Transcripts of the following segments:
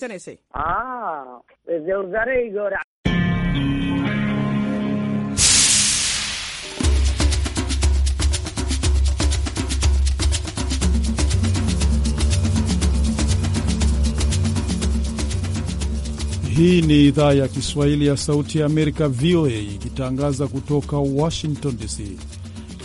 Tennessee. Ah, Hii ni idhaa ya Kiswahili ya Sauti ya Amerika, VOA, ikitangaza kutoka Washington DC.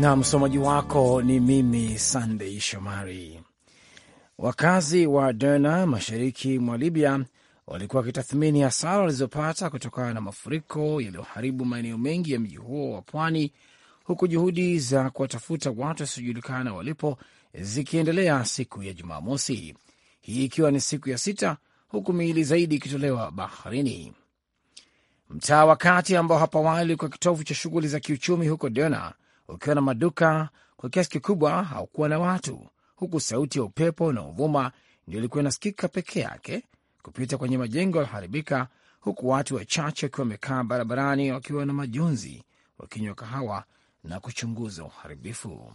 na msomaji wako ni mimi Sandei Shomari. Wakazi wa Derna mashariki mwa Libya walikuwa wakitathmini hasara walizopata kutokana na mafuriko yaliyoharibu maeneo mengi ya mji huo wa pwani, huku juhudi za kuwatafuta watu wasiojulikana walipo zikiendelea siku ya Jumamosi, hii ikiwa ni siku ya sita, huku miili zaidi ikitolewa baharini. Mtaa wa kati ambao hapo awali ulikuwa kitovu cha shughuli za kiuchumi huko Derna ukiwa na maduka kwa kiasi kikubwa haukuwa na watu, huku sauti ya upepo na uvuma ndio ilikuwa inasikika peke yake kupita kwenye majengo yaliharibika, huku watu wachache wakiwa wamekaa barabarani wakiwa na majonzi, wakinywa kahawa na kuchunguza uharibifu.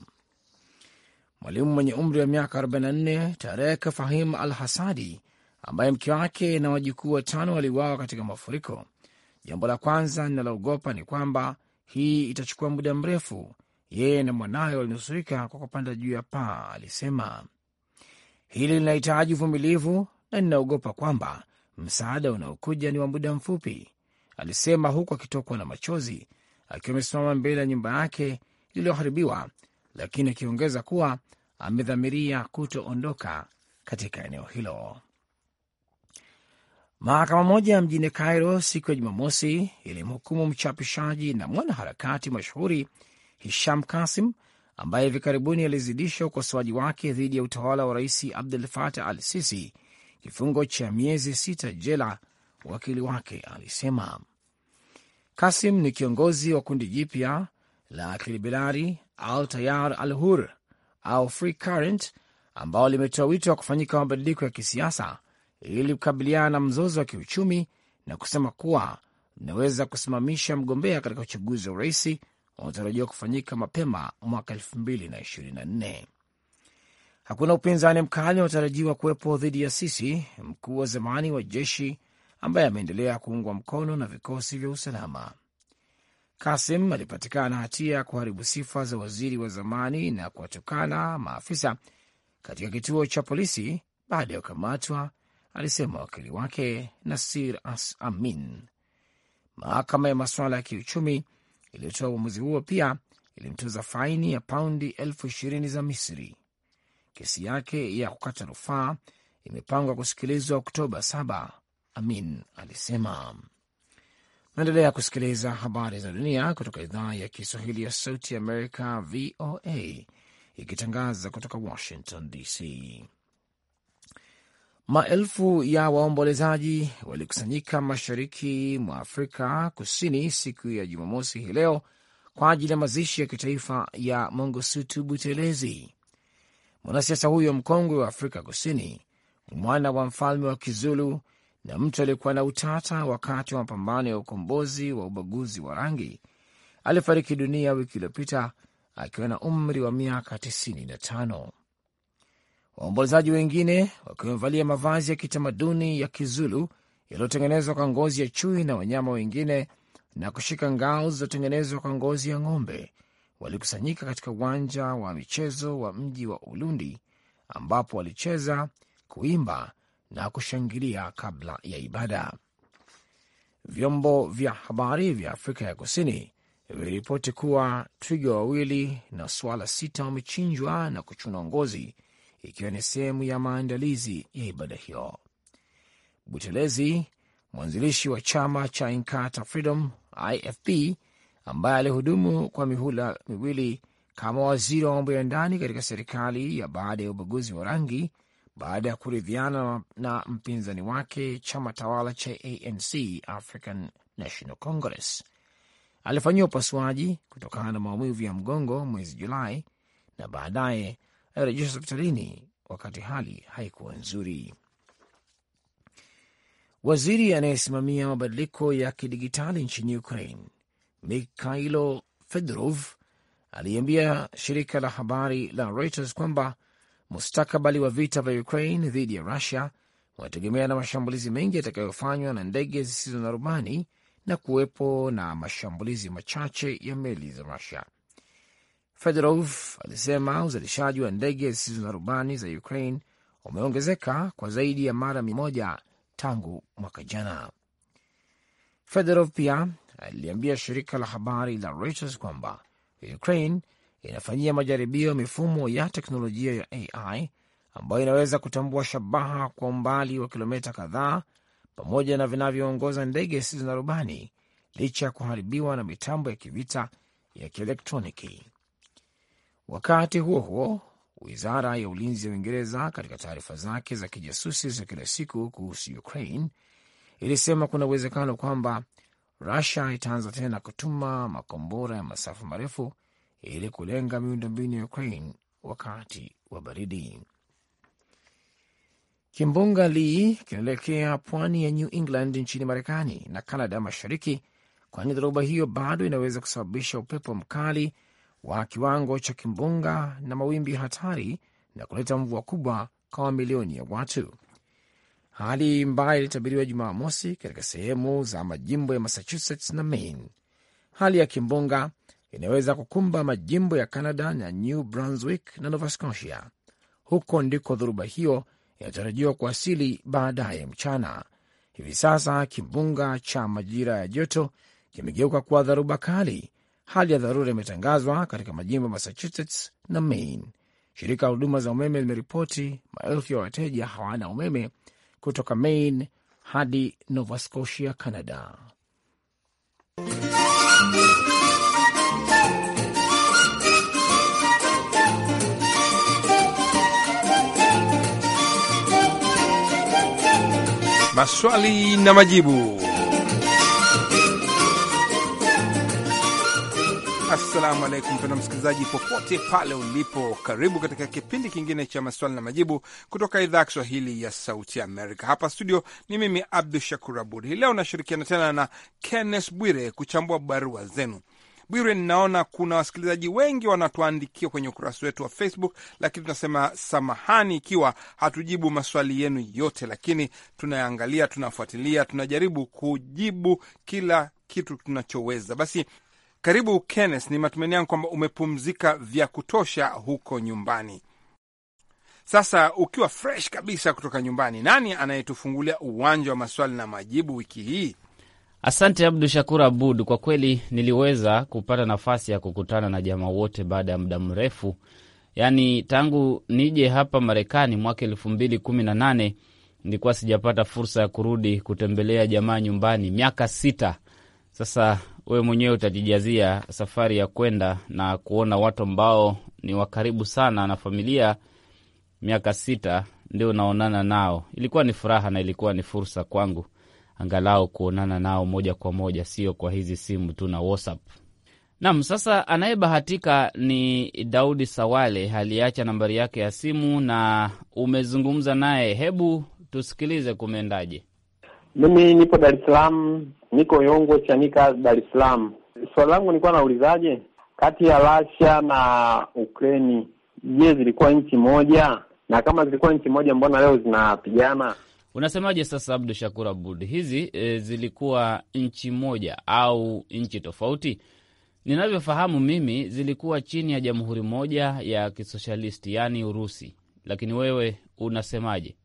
Mwalimu mwenye umri wa miaka 44 Tarek Fahim Al Hasadi, ambaye mke wake na wajukuu watano waliuawa katika mafuriko, jambo la kwanza ninaloogopa ni kwamba hii itachukua muda mrefu. Yeye na mwanawe walinusurika kwa kupanda juu ya paa, alisema. Hili linahitaji uvumilivu na ninaogopa kwamba msaada unaokuja ni wa muda mfupi, alisema huku akitokwa na machozi, akiwa amesimama mbele ya nyumba yake iliyoharibiwa, lakini akiongeza kuwa amedhamiria kutoondoka katika eneo hilo. Mahakama moja mjini Cairo siku ya Jumamosi ilimhukumu mchapishaji na mwanaharakati mashuhuri Hisham Kasim ambaye hivi karibuni alizidisha ukosoaji wake dhidi ya utawala wa Rais Abdul Fatah al Sisi kifungo cha miezi sita jela, wakili wake alisema. Kasim ni kiongozi wa kundi jipya la kilibilari al Tayar al Hur au Free Current ambao limetoa wito wa kufanyika mabadiliko ya kisiasa ili kukabiliana na mzozo wa kiuchumi na kusema kuwa linaweza kusimamisha mgombea katika uchaguzi wa urais unaotarajiwa kufanyika mapema mwaka 2024. Hakuna upinzani mkali unaotarajiwa kuwepo dhidi ya Sisi, mkuu wa zamani wa jeshi ambaye ameendelea kuungwa mkono na vikosi vya usalama. Kasim alipatikana hatia ya kuharibu sifa za waziri wa zamani na kuwatukana maafisa katika kituo cha polisi baada ya kukamatwa alisema wakili wake Nasir As Amin. Mahakama ya masuala ya kiuchumi iliyotoa uamuzi huo pia ilimtoza faini ya paundi elfu ishirini za Misri. Kesi yake ya kukata rufaa imepangwa kusikilizwa Oktoba 7, Amin alisema. Naendelea kusikiliza habari za dunia kutoka idhaa ya Kiswahili ya Sauti ya Amerika, VOA, ikitangaza kutoka Washington DC. Maelfu ya waombolezaji walikusanyika mashariki mwa Afrika Kusini siku ya Jumamosi hii leo kwa ajili ya mazishi ya kitaifa ya Mongosutu Butelezi. Mwanasiasa huyo mkongwe wa Afrika Kusini, mwana wa mfalme wa Kizulu na mtu aliyekuwa na utata wakati wa mapambano ya ukombozi wa ubaguzi wa rangi, alifariki dunia wiki iliyopita akiwa na umri wa miaka 95. Waombolezaji wengine wakiwa wamevalia mavazi ya kitamaduni ya Kizulu yaliyotengenezwa kwa ngozi ya chui na wanyama wengine na kushika ngao zilizotengenezwa kwa ngozi ya ng'ombe walikusanyika katika uwanja wa michezo wa mji wa Ulundi ambapo walicheza, kuimba na kushangilia kabla ya ibada. Vyombo vya habari vya Afrika ya Kusini viliripoti kuwa twiga wawili na swala sita wamechinjwa na kuchuna ngozi ikiwa ni sehemu ya maandalizi ya ibada hiyo. Butelezi, mwanzilishi wa chama cha Inkatha Freedom IFP, ambaye alihudumu kwa mihula miwili kama waziri wa mambo ya ndani katika serikali ya baada ya ubaguzi wa rangi baada ya kuridhiana na mpinzani wake chama tawala cha ANC African National Congress, alifanyiwa upasuaji kutokana na maumivu ya mgongo mwezi Julai na baadaye alirejeshwa hospitalini wakati hali haikuwa nzuri. Waziri anayesimamia mabadiliko ya kidigitali nchini Ukraine, Mikhailo Fedorov, aliambia shirika la habari la Reuters kwamba mustakabali wa vita vya Ukraine dhidi ya Rusia unategemea na mashambulizi mengi yatakayofanywa na ndege zisizo na rubani na kuwepo na mashambulizi machache ya meli za Rusia. Fedorov alisema uzalishaji wa ndege zisizo na rubani za Ukraine umeongezeka kwa zaidi ya mara mia moja tangu mwaka jana. Fedorov pia aliliambia shirika la habari la Reuters kwamba Ukraine inafanyia majaribio mifumo ya teknolojia ya AI ambayo inaweza kutambua shabaha kwa umbali wa kilomita kadhaa pamoja na vinavyoongoza ndege zisizo na rubani licha ya kuharibiwa na mitambo ya kivita ya kielektroniki. Wakati huo huo, wizara ya ulinzi ya Uingereza katika taarifa zake za kijasusi za kila siku kuhusu Ukraine ilisema kuna uwezekano kwamba Rusia itaanza tena kutuma makombora ya masafa marefu ili kulenga miundombinu ya Ukraine wakati wa baridi. Kimbunga Lee kinaelekea pwani ya New England nchini Marekani na canada mashariki, kwani dhoruba hiyo bado inaweza kusababisha upepo mkali wa kiwango cha kimbunga na mawimbi hatari na kuleta mvua kubwa kwa mamilioni ya watu. Hali mbaya ilitabiriwa mosi katika sehemu za majimbo ya Massachusetts na Maine. Hali ya kimbunga inaweza kukumba majimbo ya Canada na New Brunswick na Nova Scotia. Huko ndiko dhoruba hiyo inatarajiwa kuwasili baadaye mchana. Hivi sasa kimbunga cha majira ya joto kimegeuka kuwa dharuba kali hali ya dharura imetangazwa katika majimbo ya Massachusetts na Maine. Shirika la huduma za umeme limeripoti maelfu ya wateja hawana umeme kutoka Maine hadi Nova Scotia, Canada. Maswali na majibu. Assalamu alaikum, mpendwa msikilizaji, popote pale ulipo, karibu katika kipindi kingine cha maswali na majibu kutoka idhaa ya Kiswahili ya Sauti ya Amerika. Hapa studio ni mimi Abdu Shakur Abud. Hii leo nashirikiana tena na Kennes Bwire kuchambua barua zenu. Bwire, ninaona kuna wasikilizaji wengi wanatuandikia kwenye ukurasa wetu wa Facebook, lakini tunasema samahani ikiwa hatujibu maswali yenu yote, lakini tunayaangalia, tunafuatilia, tunajaribu kujibu kila kitu tunachoweza. Basi karibu Kenneth, ni matumaini yangu kwamba umepumzika vya kutosha huko nyumbani. Sasa ukiwa fresh kabisa kutoka nyumbani, nani anayetufungulia uwanja wa maswali na majibu wiki hii? Asante Abdu Shakur Abud, kwa kweli niliweza kupata nafasi ya kukutana na jamaa wote baada ya muda mrefu, yaani tangu nije hapa Marekani mwaka elfu mbili kumi na nane nilikuwa sijapata fursa ya kurudi kutembelea jamaa nyumbani, miaka sita sasa wewe mwenyewe utajijazia safari ya kwenda na kuona watu ambao ni wakaribu sana na familia. Miaka sita ndio unaonana nao, ilikuwa ni furaha na ilikuwa ni fursa kwangu angalau kuonana nao moja kwa moja, sio kwa hizi simu tu na WhatsApp. Nam, sasa anayebahatika ni Daudi Sawale, aliacha nambari yake ya simu na umezungumza naye. Hebu tusikilize kumeendaje. Mimi nipo Dar es Salaam, niko Yongo Chanika, Dar es Salaam. Swali langu nilikuwa naulizaje, kati ya Russia na ukraini je, zilikuwa nchi moja? Na kama zilikuwa nchi moja, mbona leo zinapigana? Unasemaje sasa, Abdu Shakur Abud, hizi e, zilikuwa nchi moja au nchi tofauti? Ninavyofahamu mimi zilikuwa chini ya jamhuri moja ya kisoshalisti, yaani Urusi, lakini wewe unasemaje?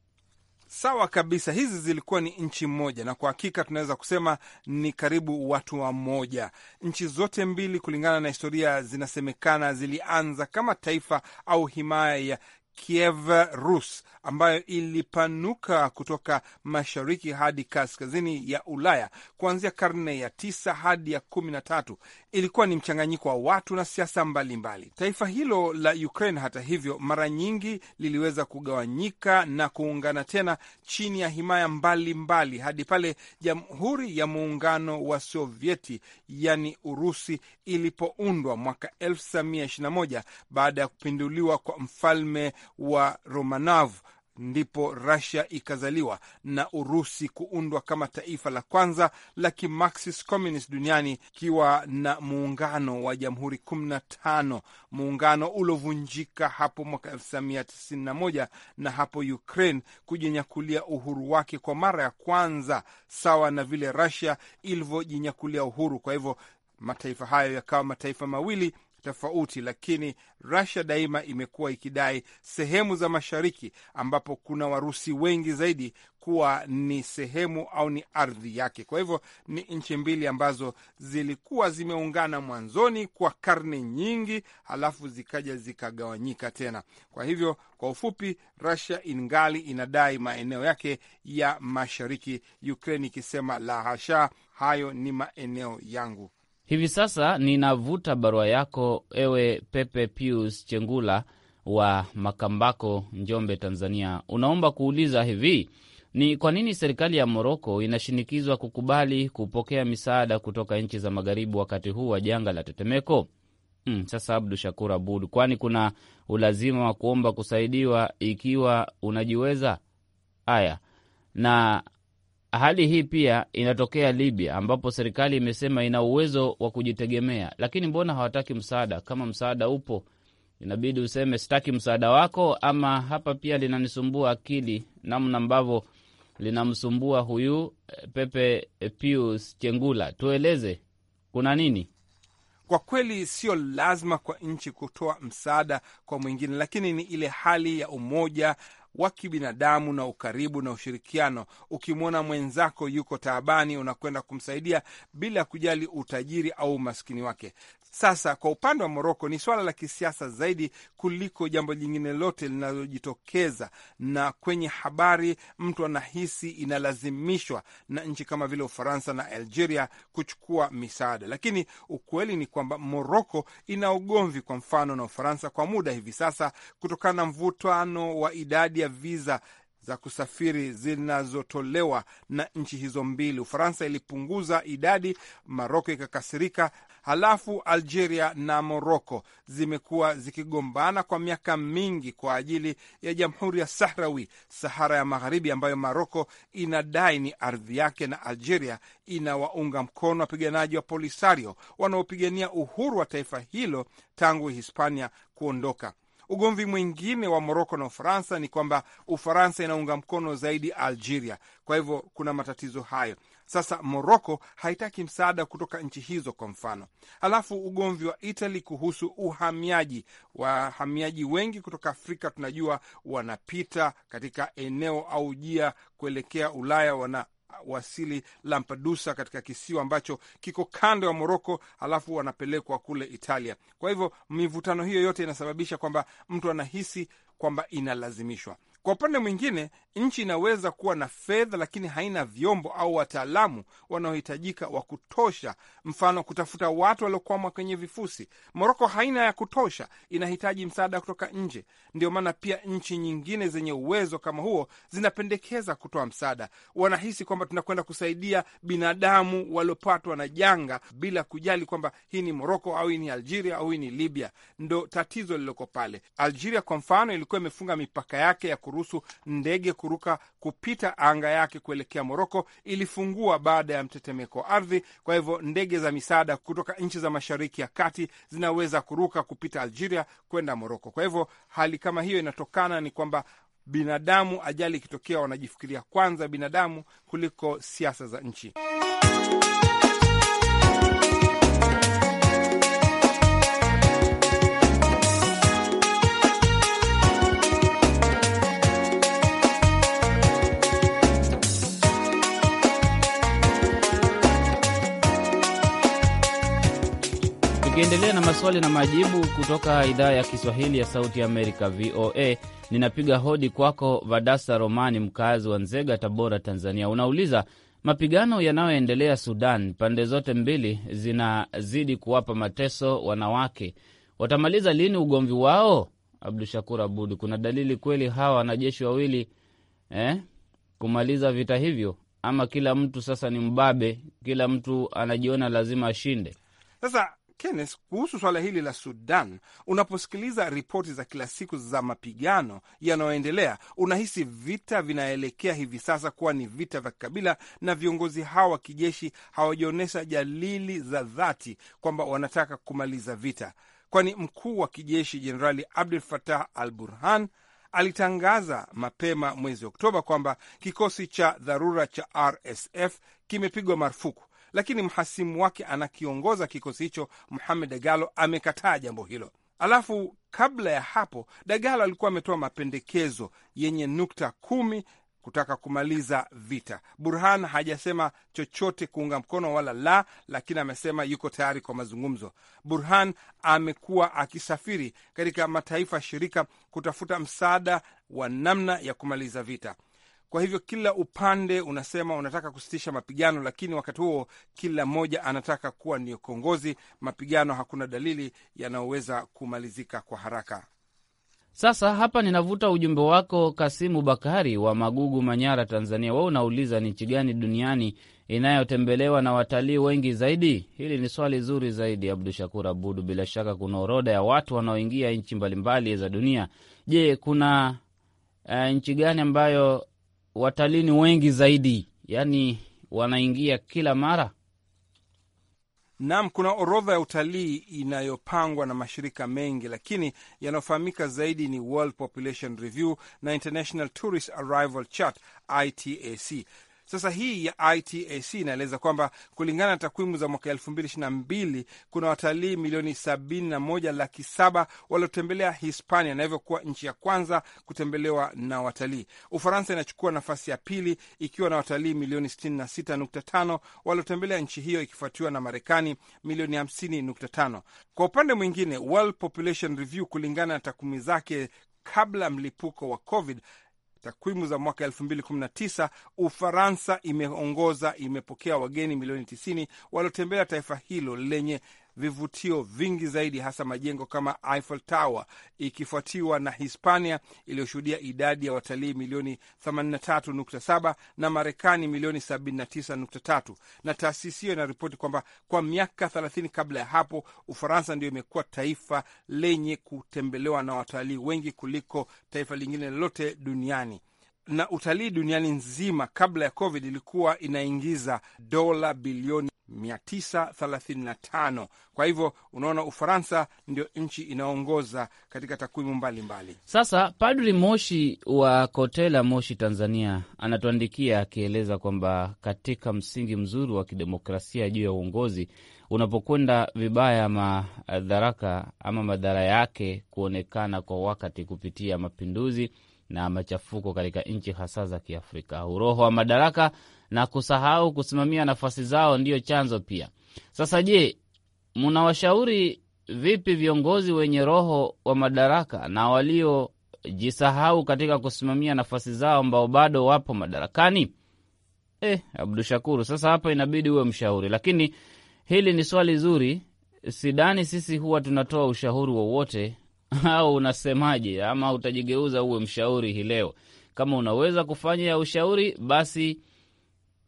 Sawa kabisa, hizi zilikuwa ni nchi moja, na kwa hakika tunaweza kusema ni karibu watu wa moja. Nchi zote mbili, kulingana na historia, zinasemekana zilianza kama taifa au himaya ya Kiev Rus ambayo ilipanuka kutoka mashariki hadi kaskazini ya Ulaya kuanzia karne ya tisa hadi ya kumi na tatu. Ilikuwa ni mchanganyiko wa watu na siasa mbalimbali. Taifa hilo la Ukraine, hata hivyo, mara nyingi liliweza kugawanyika na kuungana tena chini ya himaya mbalimbali mbali, hadi pale Jamhuri ya Muungano wa Sovieti yani Urusi ilipoundwa mwaka 1921 baada ya kupinduliwa kwa mfalme wa Romanov ndipo rasia ikazaliwa na Urusi kuundwa kama taifa la kwanza la kimaxis communist duniani, ikiwa na muungano wa jamhuri 15, muungano uliovunjika hapo mwaka 1991 na hapo Ukraine kujinyakulia uhuru wake kwa mara ya kwanza, sawa na vile rasia ilivyojinyakulia uhuru. Kwa hivyo mataifa hayo yakawa mataifa mawili tofauti, lakini Russia daima imekuwa ikidai sehemu za mashariki ambapo kuna Warusi wengi zaidi kuwa ni sehemu au ni ardhi yake. Kwa hivyo ni nchi mbili ambazo zilikuwa zimeungana mwanzoni kwa karne nyingi, halafu zikaja zikagawanyika tena. Kwa hivyo, kwa ufupi, Russia ingali inadai maeneo yake ya mashariki, Ukraine ikisema la hasha, hayo ni maeneo yangu. Hivi sasa ninavuta barua yako ewe Pepe Pius Chengula wa Makambako, Njombe, Tanzania. Unaomba kuuliza hivi, ni kwa nini serikali ya Moroko inashinikizwa kukubali kupokea misaada kutoka nchi za magharibi wakati huu wa janga la tetemeko? Hmm, sasa Abdu Shakur Abud, kwani kuna ulazima wa kuomba kusaidiwa ikiwa unajiweza? Haya, na Hali hii pia inatokea Libya, ambapo serikali imesema ina uwezo wa kujitegemea, lakini mbona hawataki msaada? Kama msaada upo, inabidi useme sitaki msaada wako. Ama hapa pia linanisumbua akili namna ambavyo linamsumbua huyu eh, Pepe Pius Chengula. Tueleze kuna nini? Kwa kweli sio lazima kwa nchi kutoa msaada kwa mwingine, lakini ni ile hali ya umoja wa kibinadamu na ukaribu na ushirikiano. Ukimwona mwenzako yuko taabani, unakwenda kumsaidia bila kujali utajiri au umaskini wake. Sasa kwa upande wa Moroko ni swala la kisiasa zaidi kuliko jambo jingine lote linalojitokeza, na kwenye habari mtu anahisi inalazimishwa na nchi kama vile Ufaransa na Algeria kuchukua misaada, lakini ukweli ni kwamba Moroko ina ugomvi kwa mfano na Ufaransa kwa muda hivi sasa kutokana na mvutano wa idadi ya viza za kusafiri zinazotolewa na nchi hizo mbili. Ufaransa ilipunguza idadi, Maroko ikakasirika halafu Algeria na Moroko zimekuwa zikigombana kwa miaka mingi kwa ajili ya jamhuri ya Sahrawi, Sahara ya Magharibi, ambayo Moroko inadai ni ardhi yake na Algeria inawaunga mkono wapiganaji wa Polisario wanaopigania uhuru wa taifa hilo tangu Hispania kuondoka. Ugomvi mwingine wa Moroko na Ufaransa ni kwamba Ufaransa inaunga mkono zaidi Algeria. Kwa hivyo kuna matatizo hayo. Sasa Moroko haitaki msaada kutoka nchi hizo, kwa mfano. halafu ugomvi wa itali kuhusu uhamiaji. Wahamiaji wengi kutoka Afrika tunajua wanapita katika eneo au jia kuelekea Ulaya, wana wasili Lampedusa katika kisiwa ambacho kiko kando ya Moroko, alafu wanapelekwa kule Italia. Kwa hivyo mivutano hiyo yote inasababisha kwamba mtu anahisi kwamba inalazimishwa. Kwa upande mwingine, nchi inaweza kuwa na fedha lakini haina vyombo au wataalamu wanaohitajika wa kutosha, mfano kutafuta watu waliokwama kwenye vifusi. Moroko haina ya kutosha, inahitaji msaada kutoka nje. Ndio maana pia nchi nyingine zenye uwezo kama huo zinapendekeza kutoa msaada. Wanahisi kwamba tunakwenda kusaidia binadamu waliopatwa na janga bila kujali kwamba hii ni Moroko au hii ni Algeria au hii ni Libya. Ndo tatizo lililoko pale. Algeria kwa mfano ilikuwa imefunga mipaka yake ya kuru kuruhusu ndege kuruka kupita anga yake kuelekea Moroko ilifungua baada ya mtetemeko wa ardhi. Kwa hivyo ndege za misaada kutoka nchi za mashariki ya kati zinaweza kuruka kupita Algeria kwenda Moroko. Kwa hivyo hali kama hiyo inatokana ni kwamba binadamu, ajali ikitokea, wanajifikiria kwanza binadamu kuliko siasa za nchi. Tukiendelea na maswali na majibu kutoka idhaa ya Kiswahili ya Sauti Amerika, VOA, ninapiga hodi kwako Vadasa Romani, mkazi wa Nzega, Tabora, Tanzania. Unauliza, mapigano yanayoendelea Sudan, pande zote mbili zinazidi kuwapa mateso wanawake, watamaliza lini ugomvi wao? Abdu Shakur Abud, kuna dalili kweli hawa wanajeshi wawili eh, kumaliza vita hivyo, ama kila mtu sasa ni mbabe, kila mtu anajiona lazima ashinde? Sasa Kenneth, kuhusu swala hili la Sudan, unaposikiliza ripoti za kila siku za mapigano yanayoendelea, unahisi vita vinaelekea hivi sasa kuwa ni vita vya kikabila, na viongozi hawa wa kijeshi hawajaonyesha dalili za dhati kwamba wanataka kumaliza vita, kwani mkuu wa kijeshi Jenerali Abdul Fatah Al Burhan alitangaza mapema mwezi Oktoba kwamba kikosi cha dharura cha RSF kimepigwa marufuku lakini mhasimu wake anakiongoza kikosi hicho Mohamed Dagalo amekataa jambo hilo. Alafu kabla ya hapo Dagalo alikuwa ametoa mapendekezo yenye nukta kumi kutaka kumaliza vita. Burhan hajasema chochote kuunga mkono wala la, lakini amesema yuko tayari kwa mazungumzo. Burhan amekuwa akisafiri katika mataifa shirika kutafuta msaada wa namna ya kumaliza vita. Kwa hivyo kila upande unasema unataka kusitisha mapigano, lakini wakati huo kila mmoja anataka kuwa ndio kiongozi. Mapigano hakuna dalili yanayoweza kumalizika kwa haraka. Sasa hapa ninavuta ujumbe wako Kasimu Bakari wa Magugu, Manyara, Tanzania. Wewe unauliza ni nchi gani duniani inayotembelewa na watalii wengi zaidi? Hili ni swali zuri zaidi, Abdu Shakur Abudu. Bila shaka kuna orodha ya watu wanaoingia nchi mbalimbali za dunia. Je, kuna uh, nchi gani ambayo watalii ni wengi zaidi, yaani wanaingia kila mara? Naam, kuna orodha ya utalii inayopangwa na mashirika mengi, lakini yanayofahamika zaidi ni World Population Review na International Tourist Arrival Chart ITAC. Sasa hii ya ITAC inaeleza kwamba kulingana na takwimu za mwaka elfu mbili ishirini na mbili kuna watalii milioni sabini na moja laki saba waliotembelea Hispania na hivyo kuwa nchi ya kwanza kutembelewa na watalii. Ufaransa inachukua nafasi ya pili ikiwa na watalii milioni sitini na sita nukta tano waliotembelea nchi hiyo ikifuatiwa na Marekani milioni hamsini nukta tano. Kwa upande mwingine World Population Review kulingana na takwimu zake kabla mlipuko wa COVID Takwimu za mwaka 2019 Ufaransa imeongoza, imepokea wageni milioni 90 waliotembelea taifa hilo lenye vivutio vingi zaidi, hasa majengo kama Eiffel Tower, ikifuatiwa na Hispania iliyoshuhudia idadi ya watalii milioni 83.7 na Marekani milioni 79.3. Na taasisi hiyo inaripoti kwamba kwa miaka 30 kabla ya hapo, Ufaransa ndio imekuwa taifa lenye kutembelewa na watalii wengi kuliko taifa lingine lolote duniani na utalii duniani nzima kabla ya COVID ilikuwa inaingiza dola bilioni 935. Kwa hivyo unaona, Ufaransa ndio nchi inaongoza katika takwimu mbalimbali. Sasa Padri Moshi wa Kotela, Moshi, Tanzania, anatuandikia akieleza kwamba katika msingi mzuri wa kidemokrasia juu ya uongozi, unapokwenda vibaya, madharaka ama madhara yake kuonekana kwa wakati kupitia mapinduzi na machafuko katika nchi hasa za Kiafrika. Uroho wa madaraka na kusahau kusimamia nafasi zao ndiyo chanzo pia. Sasa je, mnawashauri vipi viongozi wenye roho wa madaraka na waliojisahau katika kusimamia nafasi zao ambao bado wapo madarakani? Eh, Abdu Shakuru, sasa hapa inabidi uwe mshauri, lakini hili ni swali zuri. Sidani sisi huwa tunatoa ushauri wowote au unasemaje? Ama utajigeuza uwe mshauri hii leo? Kama unaweza kufanya ya ushauri, basi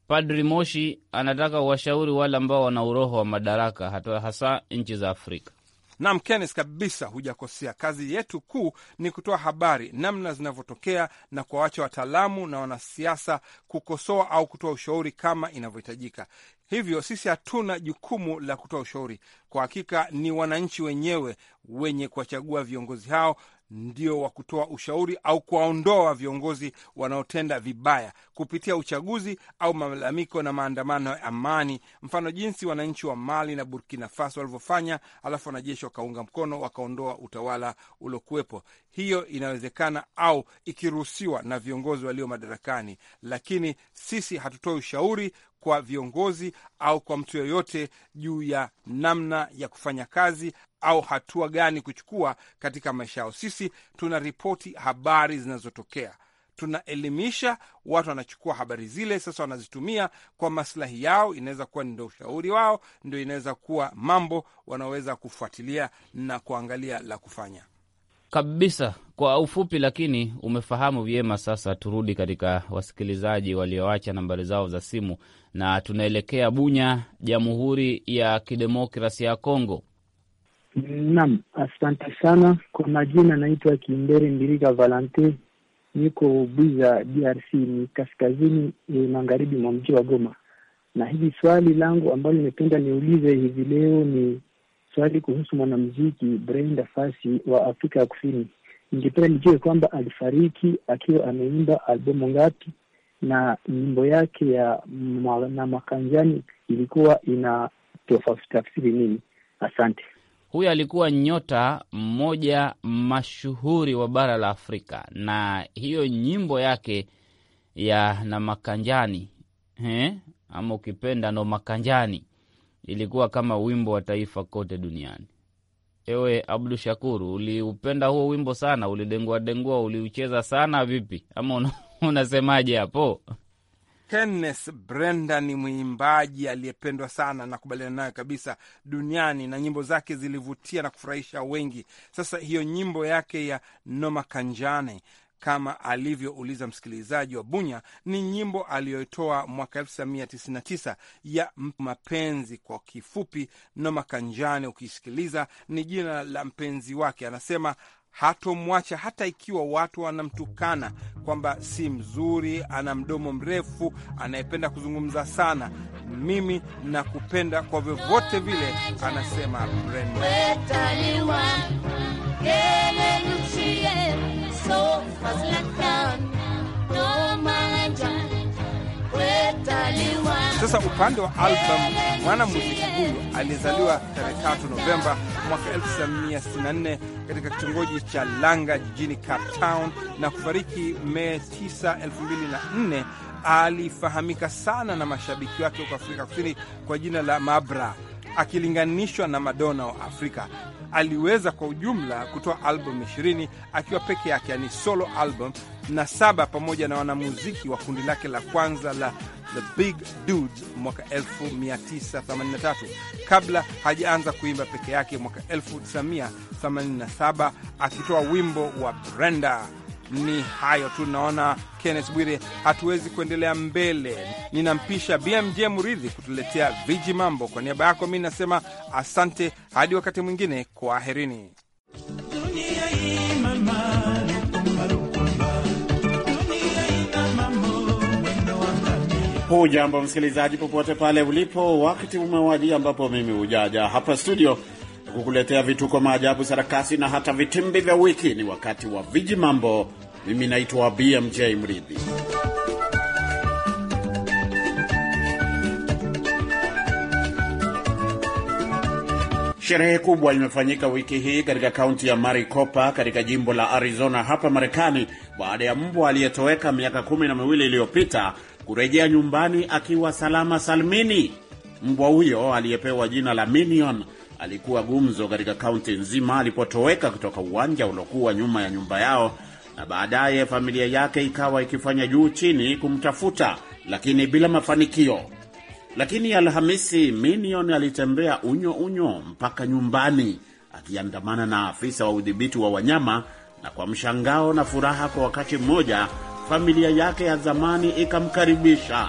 Padri Moshi anataka washauri wale ambao wana uroho wa madaraka, hata hasa nchi za Afrika. Nam Kennes, kabisa hujakosea. Kazi yetu kuu ni kutoa habari namna zinavyotokea na kuwawacha wataalamu na wanasiasa kukosoa au kutoa ushauri kama inavyohitajika. Hivyo sisi hatuna jukumu la kutoa ushauri. Kwa hakika, ni wananchi wenyewe wenye kuwachagua viongozi hao ndio wa kutoa ushauri au kuwaondoa viongozi wanaotenda vibaya kupitia uchaguzi au malalamiko na maandamano ya amani, mfano jinsi wananchi wa Mali na Burkina Faso walivyofanya, alafu wanajeshi wakaunga mkono wakaondoa utawala uliokuwepo. Hiyo inawezekana au ikiruhusiwa na viongozi walio madarakani, lakini sisi hatutoi ushauri kwa viongozi au kwa mtu yoyote juu ya namna ya kufanya kazi au hatua gani kuchukua katika maisha yao. Sisi tuna ripoti habari zinazotokea, tunaelimisha watu, wanachukua habari zile, sasa wanazitumia kwa maslahi yao. Inaweza kuwa ndo ushauri wao, ndio inaweza kuwa mambo wanaweza kufuatilia na kuangalia la kufanya kabisa. Kwa ufupi lakini umefahamu vyema. Sasa turudi katika wasikilizaji walioacha nambari zao za simu, na tunaelekea Bunya, Jamhuri ya Kidemokrasi ya Kongo. Naam, asante sana kwa majina. Naitwa Kimbere Mbirika Valante, niko biza DRC, ni kaskazini eh, magharibi mwa mji wa Goma. Na hili swali langu ambalo nimependa niulize hivi leo ni swali kuhusu mwanamuziki Brenda Fassie wa Afrika ya Kusini. Ningependa nijue kwamba alifariki akiwa ameimba albumu ngapi, na nyimbo yake ya na makanjani ilikuwa ina tofauti tafsiri nini? Asante. Huyo alikuwa nyota mmoja mashuhuri wa bara la Afrika, na hiyo nyimbo yake ya na makanjani he, ama ukipenda no makanjani ilikuwa kama wimbo wa taifa kote duniani. Ewe Abdu Shakuru, uliupenda huo wimbo sana? Ulidengua dengua, uliucheza sana vipi, ama unasemaje hapo? Kenneth Brenda ni mwimbaji aliyependwa sana, nakubaliana nayo kabisa, duniani na nyimbo zake zilivutia na kufurahisha wengi. Sasa hiyo nyimbo yake ya Noma Kanjane kama alivyouliza msikilizaji wa Bunya ni nyimbo aliyoitoa mwaka 1999 ya mapenzi. Kwa kifupi, Noma Kanjane, ukisikiliza ni jina la mpenzi wake. Anasema hatomwacha hata ikiwa watu wanamtukana kwamba si mzuri, ana mdomo mrefu, anayependa kuzungumza sana, mimi nakupenda kwa vyovyote vile, anasema Brenda. Sasa upande wa albamu, mwanamuziki huyu aliyezaliwa tarehe 3 Novemba mwaka 1964 katika kitongoji cha Langa jijini Cape Town na kufariki Mei 9, 2004 alifahamika sana na mashabiki wake huko Afrika Kusini kwa jina la Mabra akilinganishwa na Madonna wa Afrika. Aliweza kwa ujumla kutoa albamu 20 akiwa peke yake, yani solo album, na saba pamoja na wanamuziki wa kundi lake la kwanza la The Big Dudes mwaka 1983 kabla hajaanza kuimba peke yake mwaka 1987 akitoa wimbo wa Brenda ni hayo tu, naona Kenneth Bwire, hatuwezi kuendelea mbele. Ninampisha BMJ Muridhi kutuletea viji mambo. Kwa niaba yako mi nasema asante, hadi wakati mwingine, kwaherini. Hujambo msikilizaji, popote pale ulipo, wakati umewadia ambapo mimi hujaja hapa studio kukuletea vituko, maajabu, sarakasi na hata vitimbi vya wiki. Ni wakati wa viji mambo. Mimi naitwa BMJ Mridhi. Sherehe kubwa imefanyika wiki hii katika kaunti ya Maricopa katika jimbo la Arizona hapa Marekani baada ya mbwa aliyetoweka miaka kumi na miwili iliyopita kurejea nyumbani akiwa salama salmini. Mbwa huyo aliyepewa jina la Minion alikuwa gumzo katika kaunti nzima alipotoweka kutoka uwanja uliokuwa nyuma ya nyumba yao, na baadaye familia yake ikawa ikifanya juu chini kumtafuta, lakini bila mafanikio. Lakini Alhamisi, Minion alitembea unyo unyo mpaka nyumbani akiandamana na afisa wa udhibiti wa wanyama, na kwa mshangao na furaha kwa wakati mmoja, familia yake ya zamani ikamkaribisha.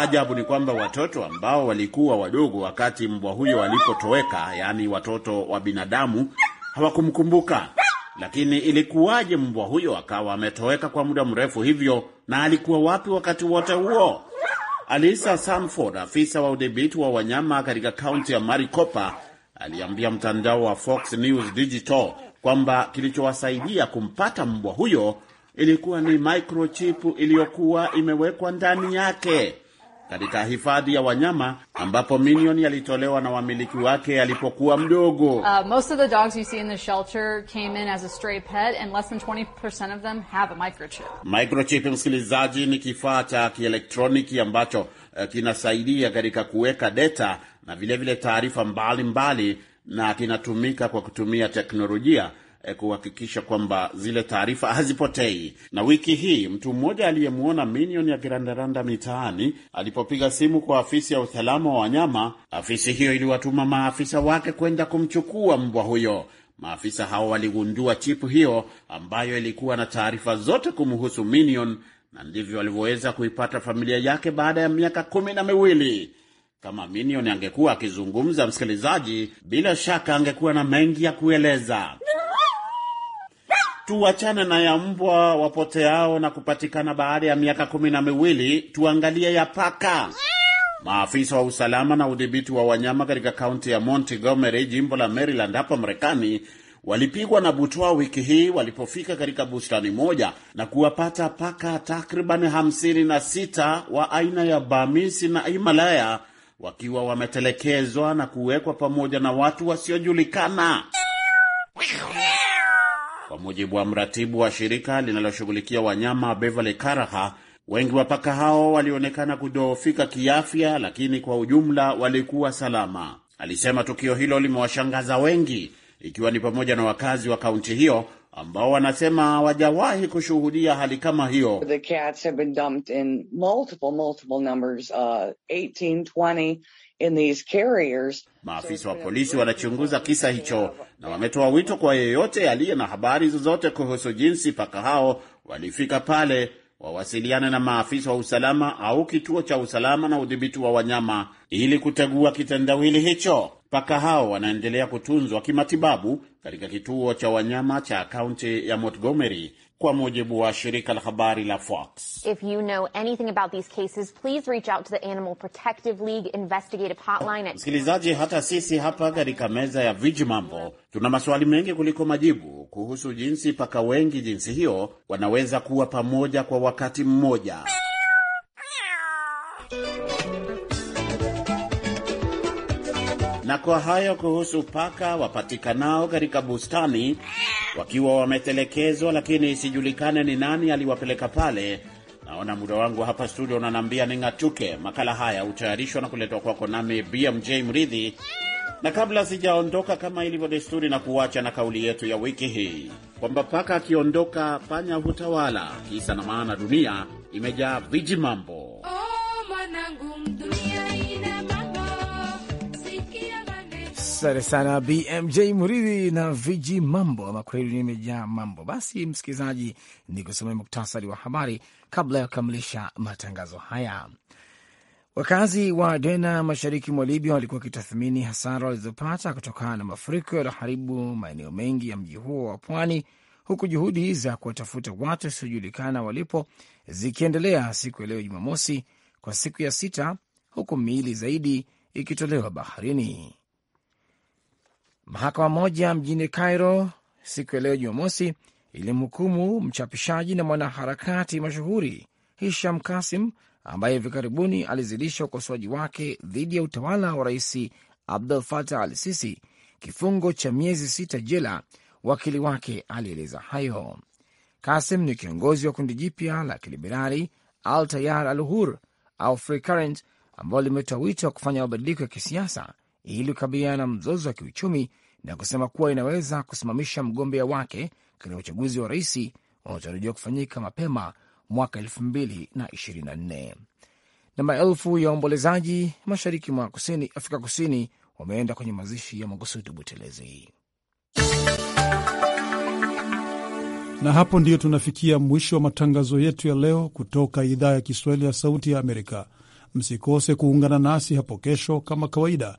ajabu ni kwamba watoto ambao walikuwa wadogo wakati mbwa huyo alipotoweka, yaani watoto wa binadamu, hawakumkumbuka. Lakini ilikuwaje mbwa huyo akawa ametoweka kwa muda mrefu hivyo, na alikuwa wapi wakati wote huo? Alisa Sanford, afisa wa udhibiti wa wanyama katika kaunti ya Maricopa, aliambia mtandao wa Fox News Digital kwamba kilichowasaidia kumpata mbwa huyo ilikuwa ni microchip iliyokuwa imewekwa ndani yake katika hifadhi ya wanyama ambapo Minion yalitolewa na wamiliki wake alipokuwa mdogo. Uh, most of the dogs you see in the shelter came in as a stray pet and less than 20% of them have a microchip. Microchip, msikilizaji, ni kifaa cha kielektroniki ambacho uh, kinasaidia katika kuweka data na vilevile taarifa mbalimbali na kinatumika kwa kutumia teknolojia eh, kuhakikisha kwamba zile taarifa hazipotei. Na wiki hii mtu mmoja aliyemwona minion kirandaranda mitaani alipopiga simu kwa afisi ya usalama wa wanyama, afisi hiyo iliwatuma maafisa wake kwenda kumchukua mbwa huyo. Maafisa hao waligundua chipu hiyo ambayo ilikuwa na taarifa zote kumhusu minion, na ndivyo alivyoweza kuipata familia yake baada ya miaka kumi na miwili. Kama minion angekuwa akizungumza, msikilizaji, bila shaka angekuwa na mengi ya kueleza. Tuachane na ya mbwa wapoteao na kupatikana baada ya miaka kumi na miwili, tuangalie ya paka. Maafisa wa usalama na udhibiti wa wanyama katika kaunti ya Montgomery, jimbo la Maryland hapa Marekani, walipigwa na butwaa wiki hii walipofika katika bustani moja na kuwapata paka takriban 56 na sita wa aina ya Bamisi na Himalaya wakiwa wametelekezwa na kuwekwa pamoja na watu wasiojulikana mujibu wa mratibu wa shirika linaloshughulikia wanyama Beverly Karaha, wengi wa paka hao walionekana kudhoofika kiafya, lakini kwa ujumla walikuwa salama. Alisema tukio hilo limewashangaza wengi, ikiwa ni pamoja na wakazi wa kaunti hiyo ambao wanasema hawajawahi kushuhudia hali kama hiyo. The cats have been dumped in multiple, multiple numbers, uh, 18, 20. Maafisa wa polisi wanachunguza kisa hicho na wametoa wito kwa yeyote aliye na habari zozote kuhusu jinsi paka hao walifika pale wawasiliane na maafisa wa usalama au kituo cha usalama na udhibiti wa wanyama ili kutegua kitendawili hicho. Paka hao wanaendelea kutunzwa kimatibabu katika kituo cha wanyama cha kaunti ya Montgomery, kwa mujibu wa shirika la habari la Fox. If you know anything about these cases, please reach out to the Animal Protective League investigative hotline at... Msikilizaji, hata sisi hapa katika meza ya Viji Mambo tuna maswali mengi kuliko majibu kuhusu jinsi paka wengi jinsi hiyo wanaweza kuwa pamoja kwa wakati mmoja. Na kwa hayo kuhusu paka wapatikanao katika bustani wakiwa wametelekezwa, lakini isijulikane ni nani aliwapeleka pale. Naona muda wangu hapa studio unaniambia ning'atuke. Makala haya hutayarishwa na kuletwa kwako nami BMJ Mridhi, na kabla sijaondoka, kama ilivyo desturi, na kuacha na kauli yetu ya wiki hii kwamba paka akiondoka panya hutawala. Kisa na maana, dunia imejaa viji mambo. Oh, Asante sana BMJ Muridhi na viji mambo, ama kweli nimejaa mambo. Basi msikilizaji, ni kusomea muktasari wa habari kabla ya kukamilisha matangazo haya. Wakazi wa Dena mashariki mwa Libya walikuwa wakitathmini hasara walizopata kutokana na mafuriko yaliyoharibu maeneo mengi ya mji huo wa pwani, huku juhudi za kuwatafuta watu wasiojulikana walipo zikiendelea siku ya leo Jumamosi kwa siku ya sita, huku miili zaidi ikitolewa baharini. Mahakama moja mjini Cairo siku ya leo Jumamosi ilimhukumu mchapishaji na mwanaharakati mashuhuri Hisham Kasim ambaye hivi karibuni alizidisha ukosoaji wake dhidi ya utawala wa Rais Abdul Fatah al Sisi kifungo cha miezi sita jela. Wakili wake alieleza hayo. Kasim ni kiongozi wa kundi jipya la kiliberali Al Tayar Al Hur au Free Current ambalo limetoa wito wa kufanya mabadiliko ya kisiasa ili kukabiliana na mzozo wa kiuchumi na kusema kuwa inaweza kusimamisha mgombea wake katika uchaguzi wa rais unaotarajiwa kufanyika mapema mwaka 2024. Na maelfu ya waombolezaji mashariki mwa kusini Afrika Kusini wameenda kwenye mazishi ya Mogosutu Butelezi. Na hapo ndiyo tunafikia mwisho wa matangazo yetu ya leo kutoka idhaa ya Kiswahili ya Sauti ya Amerika. Msikose kuungana nasi hapo kesho kama kawaida